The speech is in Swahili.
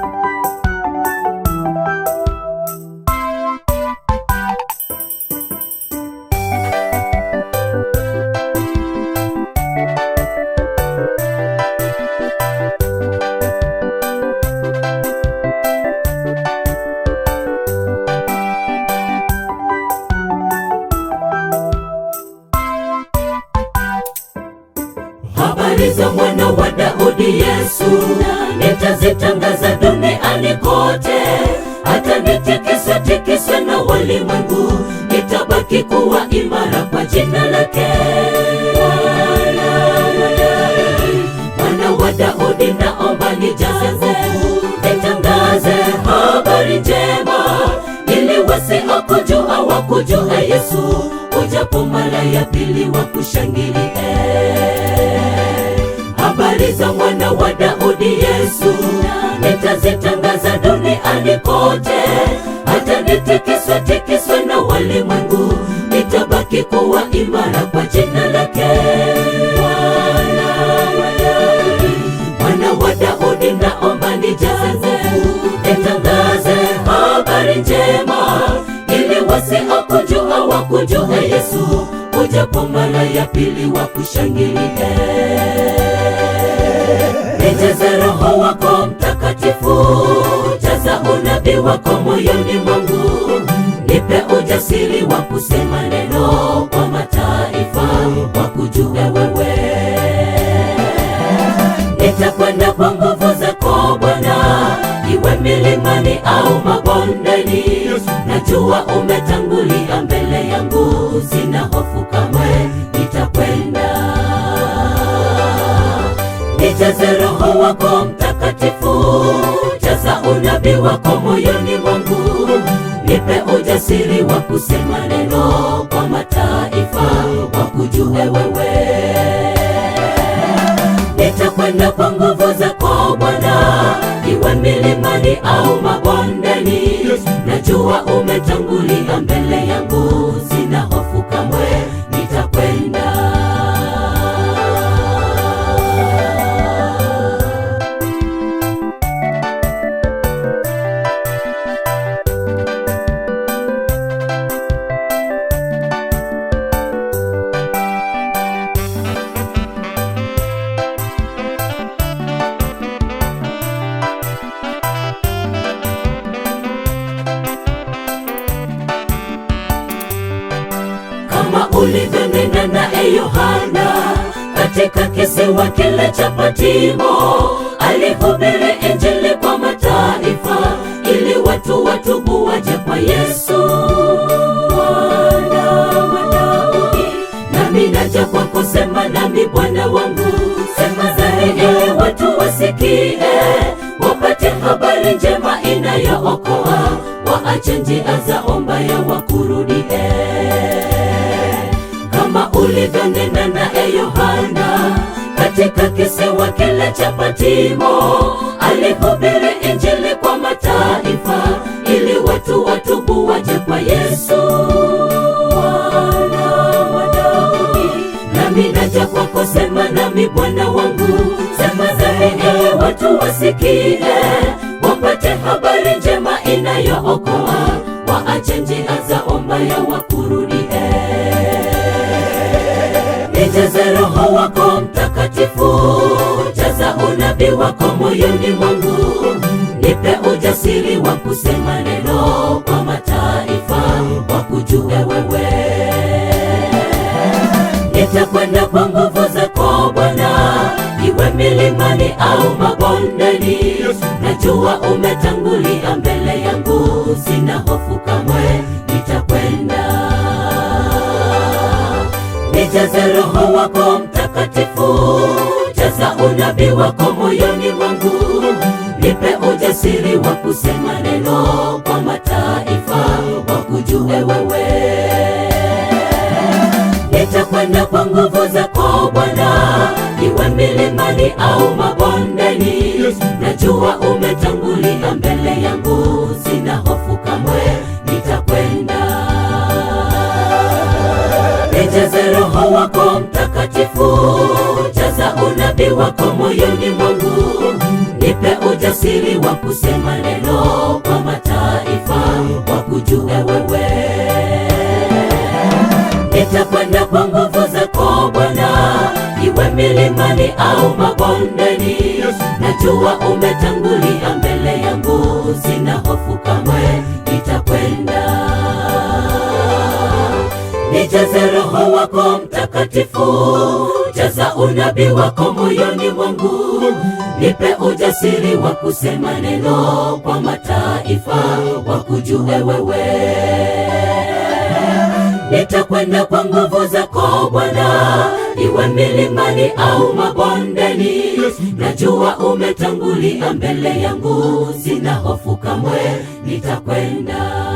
Thank you. za mwana wa Daudi Yesu, nitazitangaza duniani kote, hata nitikiswe tikiswe na walimwengu, nitabaki kuwa imara kwa jina lake. Mwana wa Daudi, naomba nijaze nguvu, nitangaze habari njema, ili wasiokujua wakujua Yesu, ujapo mara ya pili wakushangilie nitazitangaza duniani kote, hata nitikiswe tikiswe na walimwengu, nitabaki kuwa imara kwa jina lake. Mwana wa Daudi, na wa Daudi, naomba nijaze, nitangaze habari njema, ili wasiokujua wakujue Yesu, ujapo mara ya pili wakushangilie. Jaza Roho wako Mtakatifu, jaza unabii wako moyoni mwangu, nipe ujasiri wa kusema neno kwa mataifa, wakujue wewe. Nitakwenda kwa nguvu zako Bwana, iwe milimani au mabondeni, najua umetangulia mbele yangu, sina hofu kamwe, nitakwenda. nitakwenda wako Mtakatifu, jaza unabii wako moyoni mwangu, nipe ujasiri wa kusema neno kwa mataifa, wakujue wewe. Nitakwenda kwa nguvu zako Bwana, iwe milimani au mabondeni, najua umetangulia mbele ulivyonena naye Yohana katika kisiwa kile cha Patimo. Alihubiri Injili kwa mataifa ili watu watubu waje kwa Yesu. Wana wa nami naja kwa kusema, nami Bwana wangu, sema zake ili watu wasikie, wapate habari njema inayookoa, waache njia za ombaya wakurudie ulivyonena naye Yohana katika kisiwa kile cha Patimo. Alihubiri Injili kwa mataifa ili watu watubu waje kwa Yesu. Wana wa Daudi, nami naja kwa kusema nami Bwana wangu, sema nami watu wasikie, wapate habari njema inayookoa, waache njia zao mbaya wakurudi Mtakatifu, jaza unabii wako moyoni mwangu, nipe ujasiri wa kusema neno kwa mataifa, wakujue wewe. Nitakwenda kwa nguvu zako Bwana, iwe milimani au mabondeni, najua umetangulia mbele yangu, sina hofu kamwe, nitakwenda nijaze Roho wako jaza unabii wako moyoni mwangu, nipe ujasiri wa kusema neno kwa mataifa, wakujue wewe. Nitakwenda kwa nguvu zako Bwana, iwe milimani au mabondeni, najua umetangulia mbele yangu sina Nijaze Roho wako Mtakatifu, jaza unabii wako moyoni mwangu, nipe ujasiri wa kusema neno kwa mataifa, wakujue wewe. Nitakwenda kwa nguvu zako Bwana, iwe milimani au mabondeni, najua umetangulia mbele yangu, sina hofu kamwe, nitakwenda nijaze Roho wako Mtakatifu, jaza unabii wako moyoni mwangu, nipe ujasiri wa kusema neno kwa mataifa, wakujue wewe. Nitakwenda kwa nguvu zako Bwana, iwe milimani au mabondeni, najua umetangulia mbele yangu, sina hofu kamwe, nitakwenda